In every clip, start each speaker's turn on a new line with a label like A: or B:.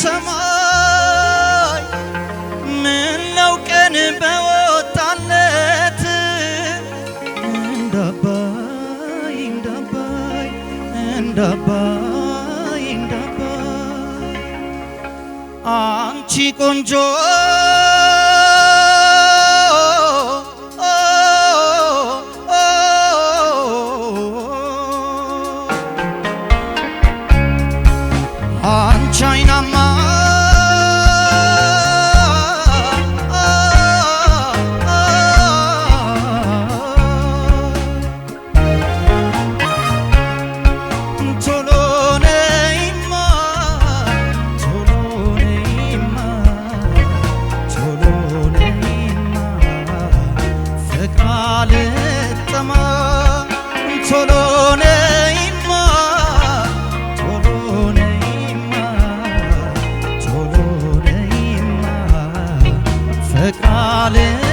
A: ሰማይ ነው ቀን በወጣለት እንዳባይ እንዳባይ እንዳባይ እንዳባይ አንቺ ቆንጆ Kale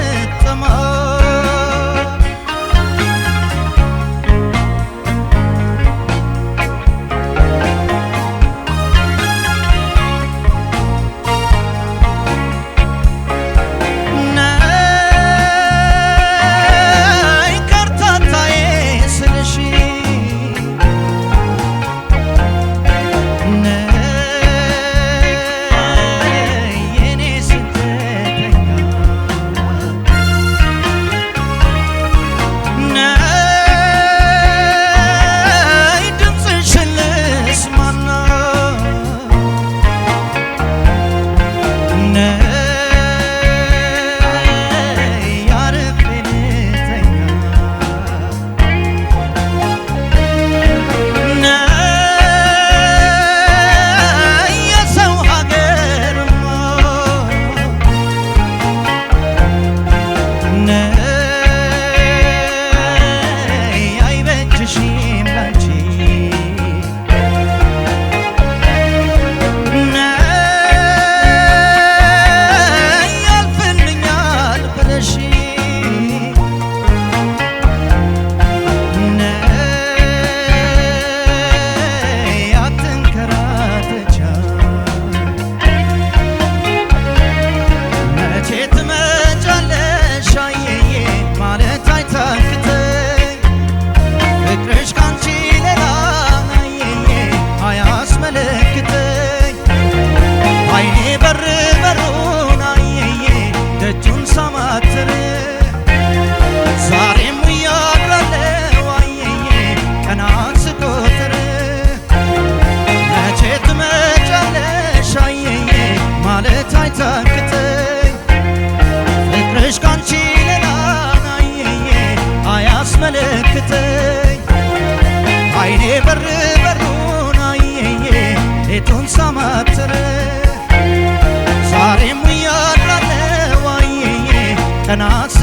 A: ቀናት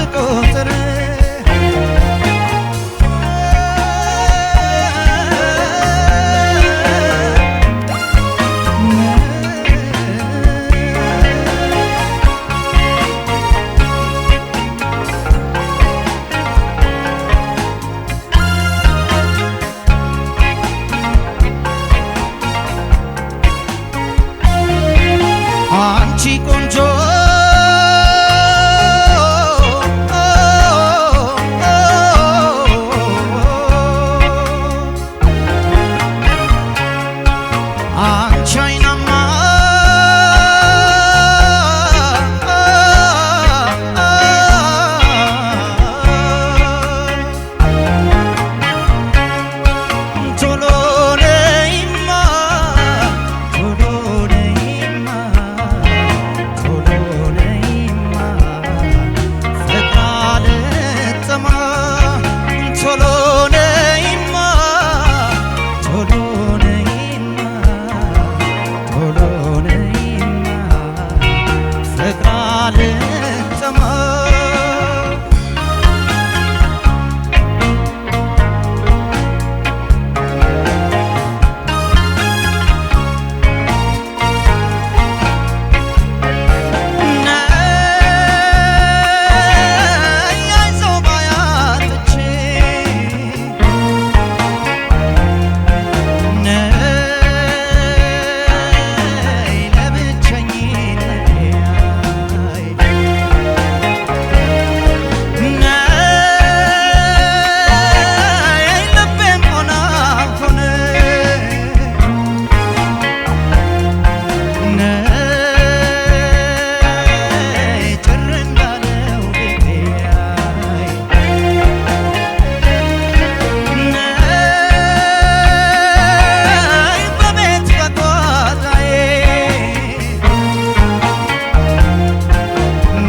A: I'm heart is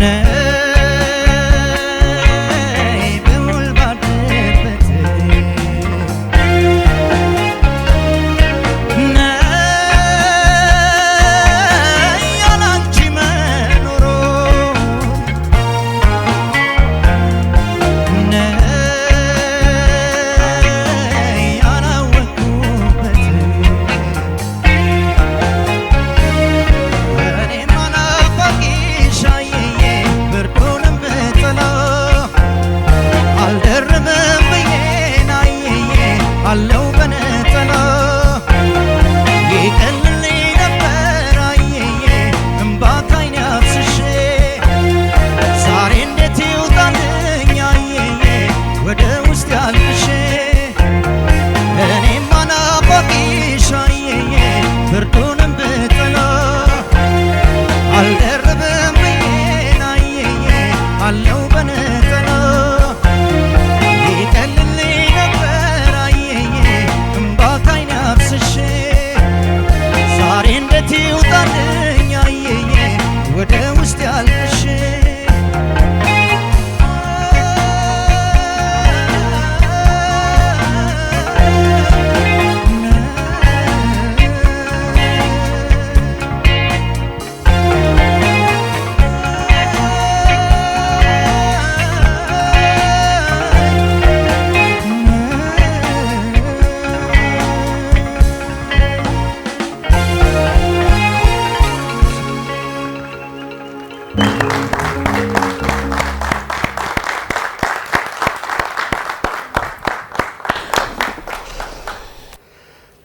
A: now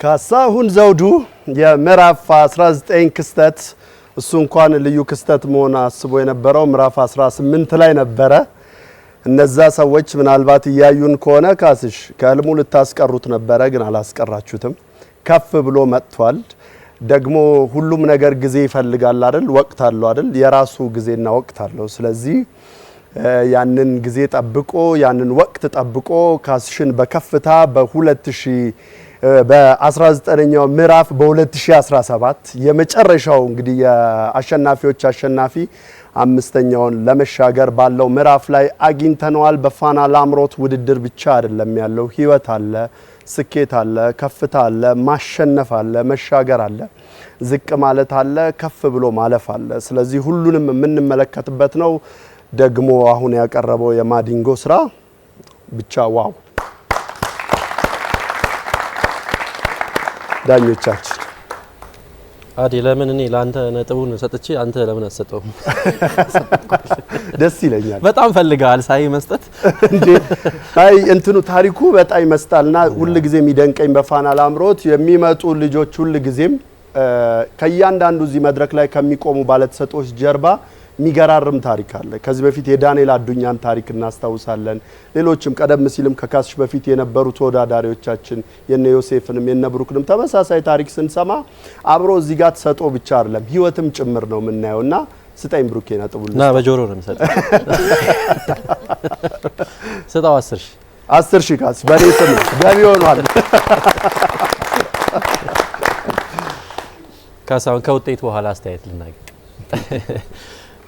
B: ካሳሁን ዘውዱ የምዕራፍ 19 ክስተት እሱ እንኳን ልዩ ክስተት መሆን አስቦ የነበረው ምዕራፍ 18 ላይ ነበረ። እነዛ ሰዎች ምናልባት እያዩን ከሆነ ካስሽ ከህልሙ ልታስቀሩት ነበረ፣ ግን አላስቀራችሁትም። ከፍ ብሎ መጥቷል። ደግሞ ሁሉም ነገር ጊዜ ይፈልጋል አይደል? ወቅት አለው አይደል? የራሱ ጊዜና ወቅት አለው። ስለዚህ ያንን ጊዜ ጠብቆ ያንን ወቅት ጠብቆ ካስሽን በከፍታ በ2000 በ19ኛው ምዕራፍ በ2017 የመጨረሻው እንግዲህ የአሸናፊዎች አሸናፊ አምስተኛውን ለመሻገር ባለው ምዕራፍ ላይ አግኝተነዋል። በፋና ላምሮት ውድድር ብቻ አይደለም ያለው፣ ህይወት አለ፣ ስኬት አለ፣ ከፍታ አለ፣ ማሸነፍ አለ፣ መሻገር አለ፣ ዝቅ ማለት አለ፣ ከፍ ብሎ ማለፍ አለ። ስለዚህ ሁሉንም የምንመለከትበት ነው። ደግሞ አሁን ያቀረበው የማዲንጎ ስራ ብቻ ዋው ዳኞቻችን
C: አዴ ለምን እኔ ለአንተ ነጥቡን ሰጥቼ አንተ ለምን አትሰጠውም? ደስ ይለኛል።
D: በጣም ፈልገዋል ሳይ መስጠት እንዴ!
B: አይ እንትኑ ታሪኩ በጣም ይመስጣልና ሁል ጊዜ የሚደንቀኝ በፋና ላምሮት የሚመጡ ልጆች ሁል ጊዜም ከእያንዳንዱ እዚህ መድረክ ላይ ከሚቆሙ ባለተሰጦች ጀርባ የሚገራርም ታሪክ አለ። ከዚህ በፊት የዳንኤል አዱኛን ታሪክ እናስታውሳለን። ሌሎችም ቀደም ሲልም ከካስሽ በፊት የነበሩ ተወዳዳሪዎቻችን የነ ዮሴፍንም የነ ብሩክንም ተመሳሳይ ታሪክ ስንሰማ አብሮ እዚህ ጋር ተሰጦ ብቻ አይደለም ህይወትም ጭምር ነው የምናየው እና ስጠኝ ብሩኬ
C: ና በጆሮ ነው የምሰጠው። ስጠው አስር ሺ
B: አስር ሺ ካስ በእኔ ስም ገቢ ሆኗል።
C: ካሳሁን ከውጤት በኋላ አስተያየት ልናገኝ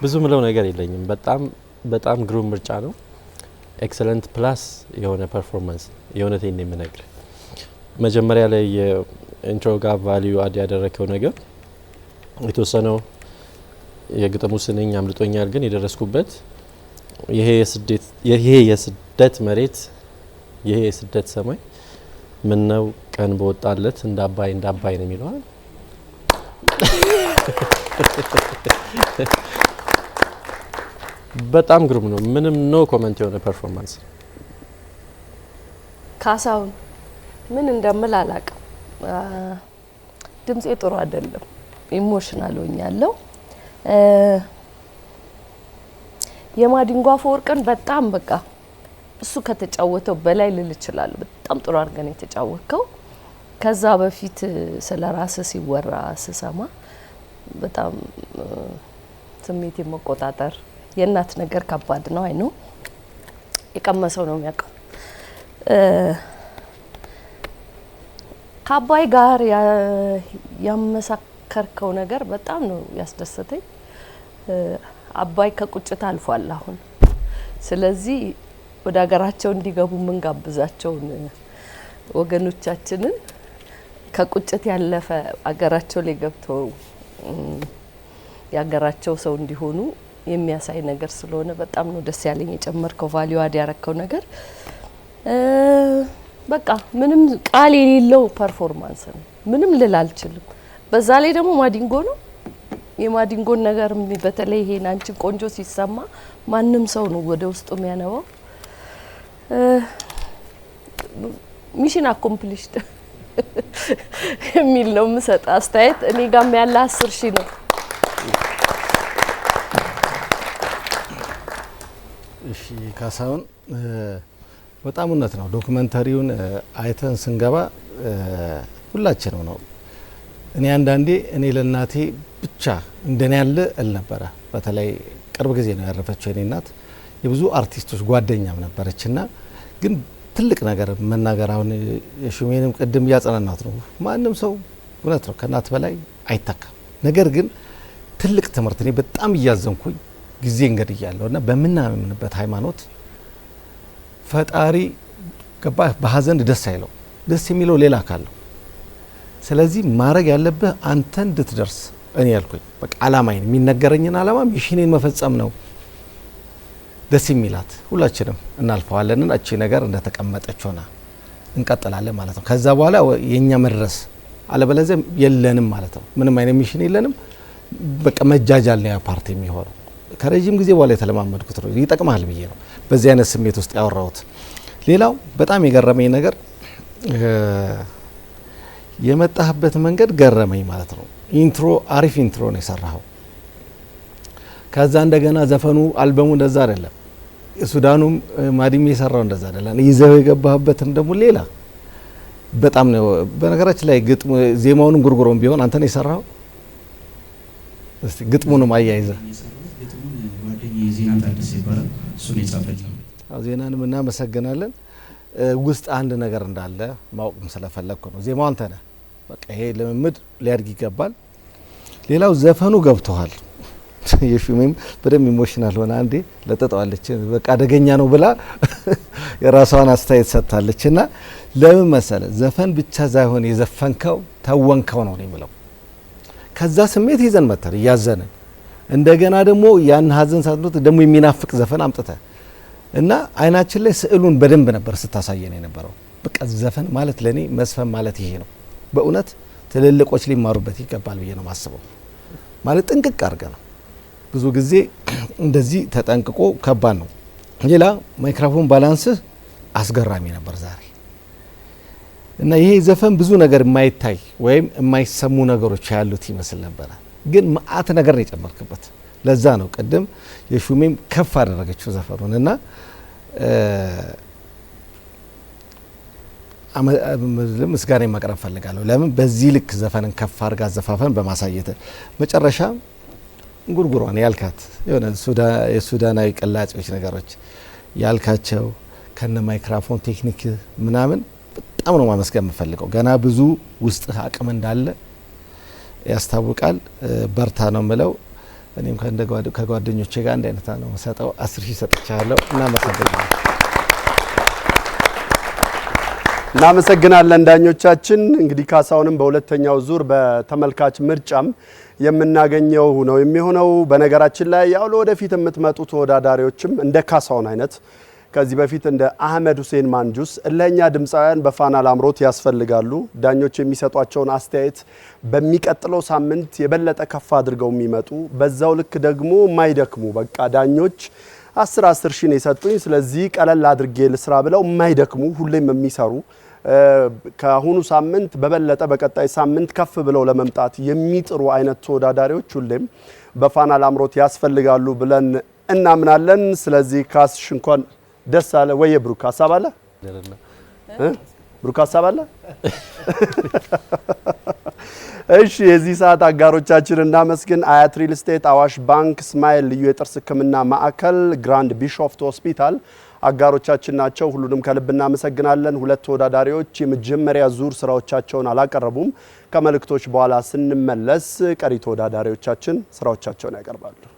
C: ብዙ ምለው ነገር የለኝም። በጣም በጣም ግሩም ምርጫ ነው። ኤክሰለንት ፕላስ የሆነ ፐርፎርማንስ የእውነቴን የምነግር መጀመሪያ ላይ የኢንትሮ ጋር ቫሊዩ አድ ያደረገው ነገር የተወሰነው የግጥሙ ስንኝ አምልጦኛል፣ ግን የደረስኩበት ይሄ የስደት መሬት ይሄ የስደት ሰማይ ምነው ቀን በወጣለት እንደ አባይ እንደ አባይ ነው የሚለዋል። በጣም ግሩም ነው። ምንም ኖ ኮመንት የሆነ ፐርፎርማንስ።
E: ካሳሁን ምን እንደምል አላቅም። ድምፄ ጥሩ አይደለም። ኢሞሽናል ሆኛለሁ። የማዲንጎ አፈወርቅን በጣም በቃ እሱ ከተጫወተው በላይ ልል እችላለሁ። በጣም ጥሩ አድርገን የተጫወተው። ከዛ በፊት ስለ ራስ ሲወራ ስሰማ በጣም ስሜት የመቆጣጠር የእናት ነገር ከባድ ነው። አይኑ የቀመሰው ነው የሚያውቀው። ከአባይ ጋር ያመሳከርከው ነገር በጣም ነው ያስደሰተኝ። አባይ ከቁጭት አልፏል አሁን። ስለዚህ ወደ ሀገራቸው እንዲገቡ የምንጋብዛቸውን ወገኖቻችንን ከቁጭት ያለፈ አገራቸው ላይ ገብተው የሀገራቸው ሰው እንዲሆኑ የሚያሳይ ነገር ስለሆነ በጣም ነው ደስ ያለኝ። የጨመርከው ቫሊዩ አድ ያረከው ነገር በቃ ምንም ቃል የሌለው ፐርፎርማንስ ነው። ምንም ልል አልችልም። በዛ ላይ ደግሞ ማዲንጎ ነው። የማዲንጎን ነገር በተለይ ይሄን አንቺ ቆንጆ ሲሰማ ማንም ሰው ነው ወደ ውስጡ የሚያነባው። ሚሽን አኮምፕሊሽድ የሚል ነው የምሰጥ አስተያየት። እኔ ጋም ያለ አስር ሺህ ነው።
B: እሺ ካሳሁን በጣም እውነት ነው። ዶክመንተሪውን አይተን ስንገባ ሁላችንም ነው። እኔ አንዳንዴ እኔ ለእናቴ ብቻ እንደኔ ያለ እል ነበረ። በተለይ ቅርብ ጊዜ ነው ያረፈችው የኔ እናት። የብዙ አርቲስቶች ጓደኛም ነበረች እና ግን ትልቅ ነገር መናገር አሁን የሹሜንም ቅድም እያጸናናት ነው። ማንም ሰው እውነት ነው ከእናት በላይ አይተካም። ነገር ግን ትልቅ ትምህርት እኔ በጣም እያዘንኩኝ ጊዜ እንገድያለሁ እና በምናምንበት ሃይማኖት ፈጣሪ ገባ በሀዘን ደስ አይለው። ደስ የሚለው ሌላ አካል ነው። ስለዚህ ማድረግ ያለብህ አንተ እንድትደርስ እኔ ያልኩኝ በቃ አላማይን የሚነገረኝን አላማ ሚሽኔን መፈጸም ነው። ደስ የሚላት ሁላችንም እናልፈዋለንን እቺ ነገር እንደተቀመጠች ሆና እንቀጥላለን ማለት ነው። ከዛ በኋላ የእኛ መድረስ አለበለዚያ የለንም ማለት ነው። ምንም አይነት ሚሽን የለንም። በቃ መጃጃል ነው ያ ፓርቲ የሚሆነው። ከረዥም ጊዜ በኋላ የተለማመድኩት ነው። ይጠቅማል ብዬ ነው በዚህ አይነት ስሜት ውስጥ ያወራሁት። ሌላው በጣም የገረመኝ ነገር የመጣህበት መንገድ ገረመኝ ማለት ነው። ኢንትሮ አሪፍ ኢንትሮ ነው የሰራኸው። ከዛ እንደገና ዘፈኑ አልበሙ እንደዛ አይደለም፣ ሱዳኑም ማዲሜ የሰራው እንደዛ አይደለም። ይዘው የገባህበትም ደግሞ ሌላ በጣም ነው። በነገራችን ላይ ግጥሙ ዜማውንም ጉርጉሮም ቢሆን አንተ ነው የሰራኸው። እስቲ ግጥሙንም አያይዘ ዜና ታደሰ ይባላል። እሱን ዜናንም እናመሰግናለን። ውስጥ አንድ ነገር እንዳለ ማወቅም ስለፈለግኩ ነው። ዜማው አንተ ነህ። በቃ ይሄ ልምምድ ሊያድግ ይገባል። ሌላው ዘፈኑ ገብተዋል። የፊሜም በደንብ ኢሞሽናል ሆነ አንዴ ለጠጠዋለች። በቃ አደገኛ ነው ብላ የራሷን አስተያየት ሰጥታለች። እና ለምን መሰለ ዘፈን ብቻ ሳይሆን የዘፈንከው ተወንከው ነው ነው የሚለው ከዛ ስሜት ይዘን መተር እያዘንን እንደገና ደግሞ ያን ሀዘን ሳትኖት ደግሞ የሚናፍቅ ዘፈን አምጥተ እና አይናችን ላይ ስዕሉን በደንብ ነበር ስታሳየን የነበረው። በቃ ዘፈን ማለት ለእኔ መስፈን ማለት ይሄ ነው። በእውነት ትልልቆች ሊማሩበት ይገባል ብዬ ነው ማስበው። ማለት ጥንቅቅ አድርገ ነው። ብዙ ጊዜ እንደዚህ ተጠንቅቆ ከባድ ነው። ሌላ ማይክራፎን ባላንስህ አስገራሚ ነበር ዛሬ እና ይሄ ዘፈን ብዙ ነገር የማይታይ ወይም የማይሰሙ ነገሮች ያሉት ይመስል ነበረ። ግን መአት ነገር የጨመርክበት። ለዛ ነው ቅድም የሹሜም ከፍ አደረገችው ዘፈኑን እና ምስጋና ማቅረብ ፈልጋለሁ። ለምን በዚህ ልክ ዘፈንን ከፍ አድርጋ ዘፋፈን በማሳየት መጨረሻ ጉርጉሯን ያልካት የሆነ የሱዳናዊ ቅላጼዎች ነገሮች ያልካቸው ከነ ማይክራፎን ቴክኒክ ምናምን በጣም ነው ማመስገን የምፈልገው። ገና ብዙ ውስጥ አቅም እንዳለ ያስታውቃል። በርታ ነው ምለው። እኔም ከጓደኞቼ ጋር እንደ አይነት ነው ሰጠው። አስር ሺህ ሰጥቻለሁ። እናመሰግናለን። እናመሰግናለን ዳኞቻችን። እንግዲህ ካሳሁንም በሁለተኛው ዙር በተመልካች ምርጫም የምናገኘው ነው የሚሆነው። በነገራችን ላይ ያው ለወደፊት የምትመጡ ተወዳዳሪዎችም እንደ ካሳሁን አይነት ከዚህ በፊት እንደ አህመድ ሁሴን ማንጁስ እለኛ ድምፃውያን በፋና ላምሮት ያስፈልጋሉ። ዳኞች የሚሰጧቸውን አስተያየት በሚቀጥለው ሳምንት የበለጠ ከፍ አድርገው የሚመጡ በዛው ልክ ደግሞ የማይደክሙ በቃ ዳኞች አስር አስር ሺ ነው የሰጡኝ፣ ስለዚህ ቀለል አድርጌ ልስራ ብለው የማይደክሙ ሁሌም የሚሰሩ ከአሁኑ ሳምንት በበለጠ በቀጣይ ሳምንት ከፍ ብለው ለመምጣት የሚጥሩ አይነት ተወዳዳሪዎች ሁሌም በፋና ላምሮት ያስፈልጋሉ ብለን እናምናለን። ስለዚህ ካስሽ እንኳን ደስ አለ ወይ? የብሩክ ሀሳብ አለ? ብሩክ ሀሳብ አለ? እሺ የዚህ ሰዓት አጋሮቻችን እናመስግን። አያት ሪል ስቴት፣ አዋሽ ባንክ፣ ስማይል ልዩ የጥርስ ሕክምና ማዕከል፣ ግራንድ ቢሾፍት ሆስፒታል አጋሮቻችን ናቸው። ሁሉንም ከልብ እናመሰግናለን። ሁለት ተወዳዳሪዎች የመጀመሪያ ዙር ስራዎቻቸውን አላቀረቡም። ከመልእክቶች በኋላ ስንመለስ ቀሪ ተወዳዳሪዎቻችን ስራዎቻቸውን ያቀርባሉ።